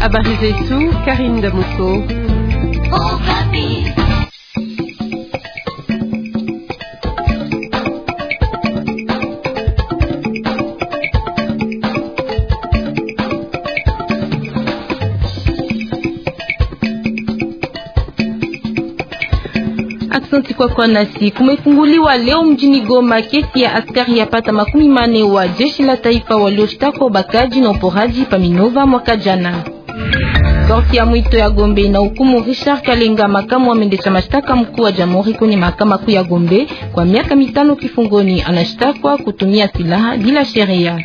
Habari zetu Karim Damoso. Aksanti kwa kwa nasi. Kumefunguliwa leo mjini Goma kesi ya askari pata makumi mane wa jeshi la taifa walioshtakwa ubakaji na uporaji pa Minova mwaka jana. Korti ya mwito ya Gombe na hukumu Richard Kalenga, makamu wa mwendesha mashtaka mkuu wa jamhuri kwenye mahakama kuu ya Gombe kwa miaka mitano kifungoni. Anashtakwa kutumia silaha bila sheria.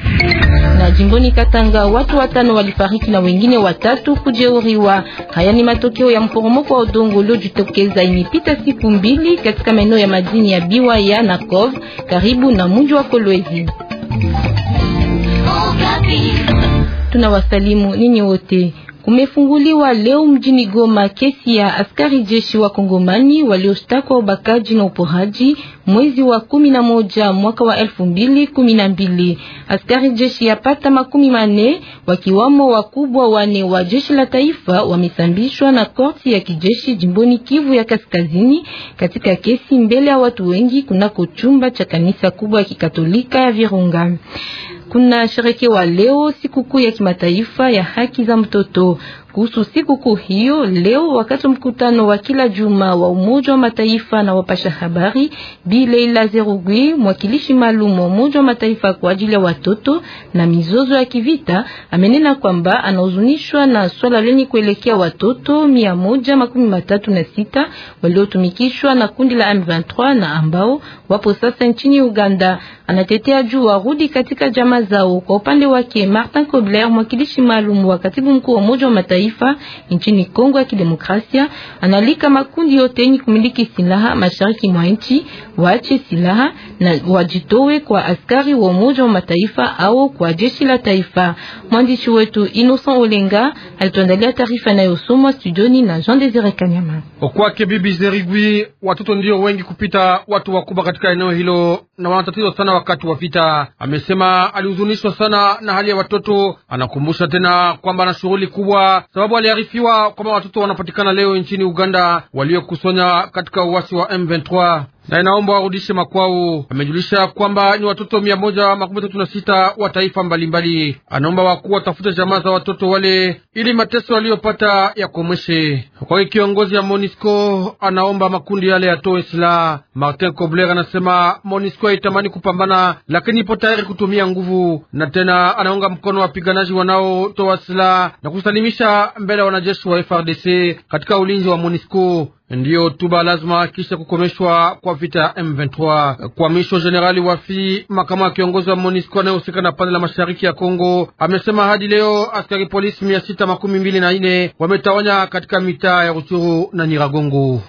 Na jimboni Katanga watu watano walifariki na wengine watatu kujeruhiwa. Haya ni matokeo ya mporomoko wa udongo uliojitokeza imepita siku mbili katika maeneo ya madini ya Biwaya na Kov karibu na mji wa Kolwezi. Oh, Tunawasalimu ninyi wote kumefunguliwa leo mjini Goma kesi ya askari jeshi wa Kongomani waliostakwa ubakaji na uporaji mwezi wa kumi na moja mwaka wa elfu mbili kumi na mbili. Askari jeshi ya pata makumi mane wakiwamo wakubwa wane wa jeshi la taifa wamesambishwa na korti ya kijeshi jimboni Kivu ya Kaskazini katika kesi mbele ya watu wengi kunako chumba cha kanisa kubwa ya Kikatolika ya Virunga kunasherekewa leo sikukuu ya kimataifa ya haki za mtoto. Kuhusu sikukuu hiyo leo, wakati mkutano wa kila juma wa Umoja wa Mataifa na wapasha habari, Bi Leila Zerugui, mwakilishi maalum wa Umoja wa Mataifa kwa ajili ya watoto na mizozo ya kivita, amenena kwamba anahuzunishwa na swala lenye kuelekea watoto mia moja makumi matatu na sita waliotumikishwa na kundi la M23 na ambao wapo sasa nchini Uganda. Anatetea juu warudi katika jamaa zao. Kwa upande wake Martin Kobler, mwakilishi maalum wa katibu mkuu wa Umoja wa Mataifa nchini Kongo ya Kidemokrasia, analika makundi yote yenye kumiliki silaha mashariki mwa nchi waache silaha na wajitowe kwa askari wa Umoja wa Mataifa au kwa jeshi la taifa. Mwandishi wetu Innocent Olenga alituandalia taarifa inayosomwa studioni na Jean Desire Kanyama. Kwake Bibi Zerigwi, watoto ndio wengi kupita watu wakubwa katika eneo hilo na wanatatizwa sana wakati wa vita. Amesema alihuzunishwa sana na hali ya watoto. Anakumbusha tena kwamba ana shughuli kubwa, sababu aliarifiwa kwamba watoto wanapatikana leo nchini Uganda waliokusanya katika uasi wa M23 na inaomba warudishe makwao. Amejulisha kwamba ni watoto mia moja makumi tatu na sita wa taifa mbalimbali. Anaomba wakuu watafute jamaa za watoto wale ili mateso waliyopata yakomeshe. Kwa kiongozi ya Monisco anaomba makundi yale yatoe silaha. Martin Kobler anasema Monisco haitamani kupambana, lakini ipo tayari kutumia nguvu, na tena anaunga mkono wapiganaji wanaotoa silaha na kusalimisha mbele ya wanajeshi wa FRDC katika ulinzi wa Monisco ndiyo tuba lazima kisha kukomeshwa kwa vita ya M23. Kwa misho, Jenerali Wafi makamu ya kiongozi wa MONUSCO anayehusika na pande la mashariki ya Kongo amesema hadi leo askari polisi mia sita makumi mbili na nne wametawanya katika mitaa ya Ruchuru na Nyiragongo.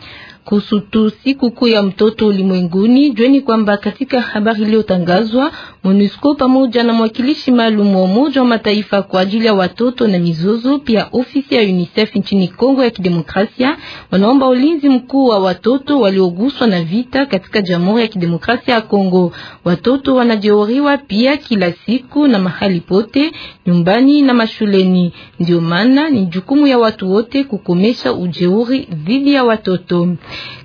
Kuhusu tu siku kuu ya mtoto ulimwenguni, jueni kwamba katika habari iliyotangazwa MONUSCO pamoja na mwakilishi maalum wa Umoja wa Mataifa kwa ajili ya watoto na mizozo, pia ofisi ya UNICEF nchini Kongo ya Kidemokrasia wanaomba ulinzi mkuu wa watoto walioguswa na vita katika Jamhuri ya Kidemokrasia ya Kongo. Watoto wanajeuriwa pia kila siku na mahali pote, nyumbani na mashuleni. Ndio maana ni jukumu ya watu wote kukomesha ujeuri dhidi ya watoto.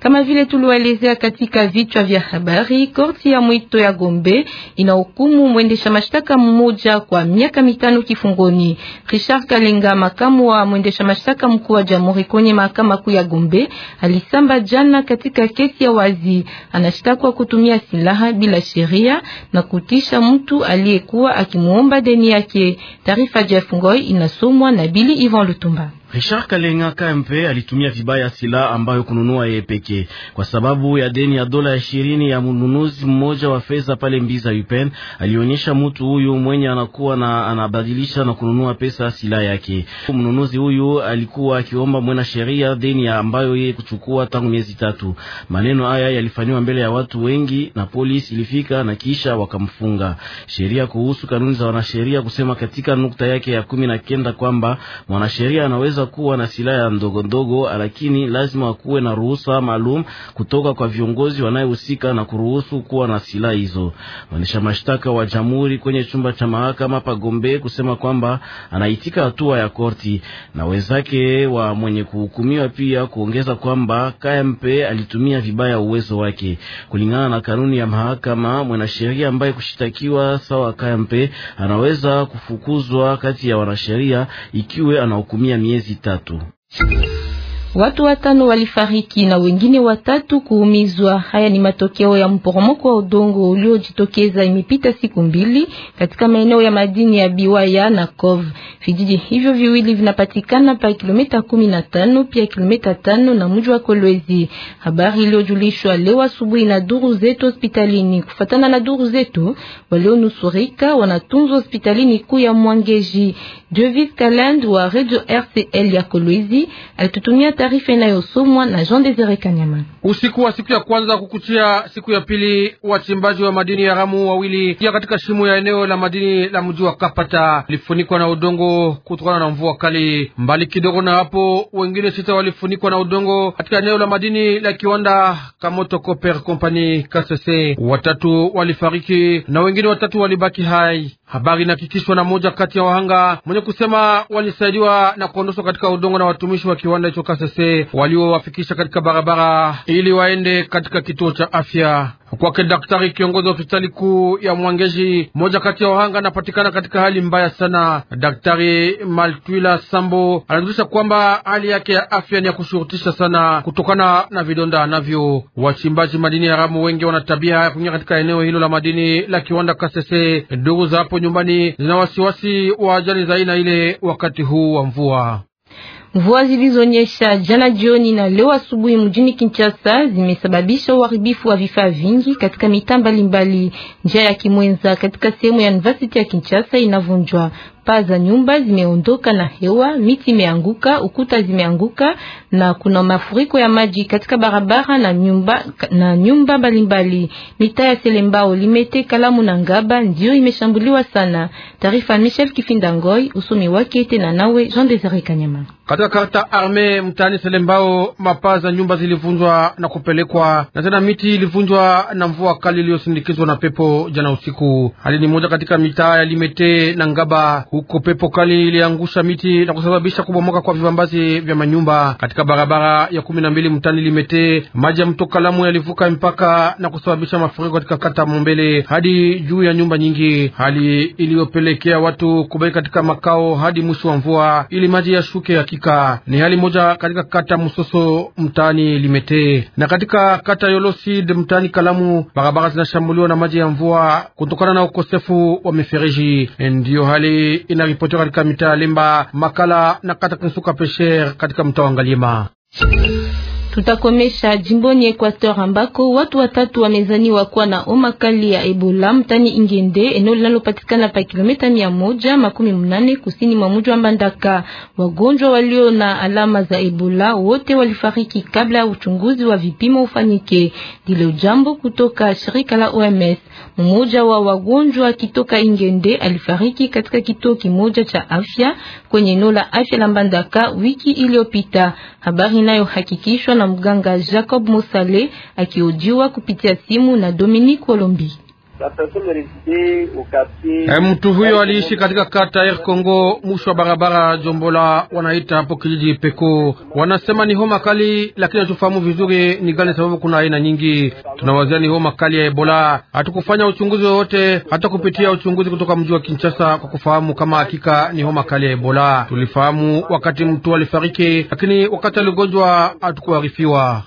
Kama vile tuliwaelezea katika vichwa vya habari, korti ya mwito ya Gombe inahukumu mwendesha mashtaka mmoja kwa miaka mitano kifungoni. Richard kalinga makamu wa mwendesha mashtaka mkuu wa jamhuri kwenye mahakama kuu ya Gombe, alisamba jana katika kesi ya wazi, anashtakwa kutumia silaha bila sheria na kutisha mtu aliyekuwa akimuomba deni yake. Taarifa ya Fungoi inasomwa na Bili Ivan Lutumba. Richard Kalenga kmp alitumia vibaya silaha ambayo kununua yeye pekee kwa sababu ya deni ya dola ishirini ya mnunuzi mmoja wa fedha pale Mbiza Upen. Alionyesha mtu huyu mwenye anakuwa na anabadilisha na kununua pesa silaha yake. Mnunuzi huyu alikuwa akiomba mwana sheria deni ya ambayo yeye kuchukua tangu miezi tatu. Maneno haya yalifanywa mbele ya watu wengi na polisi ilifika na kisha wakamfunga. Sheria kuhusu kanuni za wanasheria kusema katika nukta yake ya kumi na kenda kwamba mwanasheria anaweza anaweza kuwa na silaha ya ndogo ndogo, lakini lazima kuwe na ruhusa maalum kutoka kwa viongozi wanayohusika na kuruhusu kuwa na silaha hizo. Mwendesha mashtaka wa jamhuri kwenye chumba cha mahakama pa Gombe kusema kwamba anaitika hatua ya korti na wenzake wa mwenye kuhukumiwa, pia kuongeza kwamba KMP alitumia vibaya uwezo wake kulingana na kanuni ya mahakama. Mwanasheria ambaye kushitakiwa sawa KMP anaweza kufukuzwa kati ya wanasheria ikiwe anahukumia miezi miezi tatu. Watu watano walifariki na wengine watatu kuumizwa. Haya ni matokeo ya mporomoko wa udongo uliojitokeza imepita siku mbili katika maeneo ya madini ya Biwaya na Kov. Vijiji hivyo viwili vinapatikana pa kilomita 15 pia kilomita tano na mji wa Kolwezi. Habari iliyojulishwa leo asubuhi na duru zetu hospitalini. Kufatana na duru zetu, walionusurika wanatunzwa hospitalini kuu ya Mwangeji. Jovis Kaland wa Radio RCL ya Kolwezi alitutumia taarifa inayosomwa na Jean Desire Kanyama. Usiku wa siku ya kwanza kukuchia siku ya pili, wachimbaji wa madini ya ramu wawili ia katika shimo ya eneo la madini la mji wa Kapata lifunikwa na udongo kutokana na mvua kali. Mbali kidogo na hapo, wengine sita walifunikwa na udongo katika eneo la madini la kiwanda Kamoto Copper Company KCC. Watatu walifariki na wengine watatu walibaki hai. Habari inahakikishwa na moja kati ya wahanga mwenye kusema walisaidiwa na kuondoshwa katika udongo na watumishi wa kiwanda hicho Kasese waliowafikisha katika barabara ili waende katika kituo cha afya. Kwake daktari kiongozi wa hospitali kuu ya Mwangeji, moja kati ya wahanga anapatikana katika hali mbaya sana. Daktari Maltwila Sambo anajulisha kwamba hali yake ya afya ni ya kushurutisha sana kutokana na vidonda anavyo. Wachimbaji madini haramu wengi wana tabia ya kuingia katika eneo hilo la madini la kiwanda Kasese. Ndugu za hapo nyumbani zina wasiwasi wa ajali za aina ile wakati huu wa mvua. Mvua zilizonyesha jana jioni na leo asubuhi mjini Kinshasa zimesababisha uharibifu wa vifaa vingi katika mitaa mbalimbali. Njia ya Kimwenza katika sehemu ya University ya Kinshasa inavunjwa. Paa za nyumba zimeondoka na hewa, miti imeanguka, ukuta zimeanguka, na kuna mafuriko ya maji katika barabara na nyumba na nyumba mbalimbali. Mitaa ya Selembao, Limete, Kalamu na Ngaba ndio imeshambuliwa sana. Taarifa Michel Kifindangoi, usomi wake tena nawe Jean Desire Kanyama. Katika karta arme mtaani Selembao, mapaa za nyumba zilivunjwa na kupelekwa na tena miti ilivunjwa na mvua kali iliyosindikizwa na pepo jana usiku. Hali ni moja katika mitaa ya Limete na Ngaba huko pepo kali iliangusha miti na kusababisha kubomoka kwa vibambazi vya manyumba katika barabara ya kumi na mbili mtani Limete. Maji ya mto Kalamu yalivuka mpaka na kusababisha mafuriko katika kata Mombele hadi juu ya nyumba nyingi, hali iliyopelekea watu kubaki katika makao hadi mwisho wa mvua ili maji yashuke. Hakika ni hali moja katika kata Musoso mtani Limete na katika kata Yolosid mtani Kalamu, barabara zinashambuliwa na maji ya mvua kutokana na ukosefu wa mifereji. Ndiyo hali inaripotiwa katika mitaa Limba, Makala na kata Kinsuka Pesher katika mtaa wa Ngalima. Tutakomesha jimboni Equator ambako watu watatu wamezaniwa kuwa na homa kali ya Ebola mtani Ingende, eneo linalopatikana pa kilomita mia moja makumi mnane kusini mwa mji wa Mbandaka. Wagonjwa walio na alama za Ebola wote walifariki kabla ya uchunguzi wa vipimo ufanyike. Ndilo jambo kutoka shirika la OMS. Mmoja wa wagonjwa kitoka Ingende alifariki katika kituo kimoja cha afya kwenye eneo la afya la Mbandaka wiki iliyopita, habari nayo na na mganga Jacob Musale, akihojiwa kupitia simu na Dominique Olombi. Eh, mtu huyo aliishi katika kata ya Kongo mwisho wa barabara Jombola, wanaita hapo kijiji Peko. Wanasema ni homa kali, lakini hatufahamu vizuri ni gani sababu. Kuna aina nyingi, tunawazia ni homa kali ya Ebola. Hatukufanya uchunguzi wowote, hata kupitia uchunguzi kutoka mji wa Kinshasa kwa kufahamu kama hakika ni homa kali ya Ebola. Tulifahamu wakati mtu alifariki, lakini wakati aligonjwa hatukuarifiwa.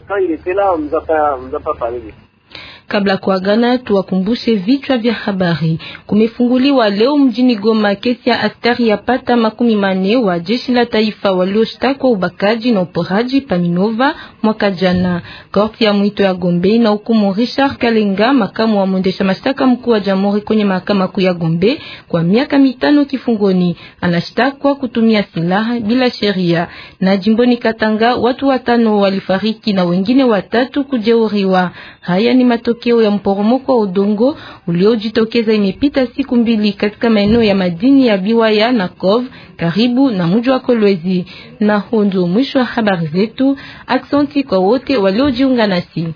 Kabla kuagana, tuwakumbushe vichwa vya habari. Kumefunguliwa leo mjini Goma kesi ya askari ya pata makumi mane wa jeshi la taifa waliostakwa ubakaji na uporaji Paminova mwaka jana. Korti ya mwito ya Gombe na hukumu Richard Kalenga, makamu wa mwendesha mashtaka mkuu wa jamhuri kwenye mahakama kuu ya Gombe, kwa miaka mitano kifungoni. Anashtakwa kutumia silaha bila sheria. Na jimboni Katanga, watu watano walifariki na wengine watatu kujeuriwa. Haya ni matokeo matokeo ya mporomoko wa udongo uliojitokeza imepita siku mbili katika maeneo ya madini ya Biwaya na Kov karibu na mji wa Kolwezi. Na hondo mwisho wa habari zetu. Aksanti kwa wote waliojiunga nasi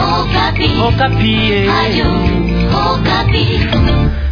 Okapi. Okapi. Eh.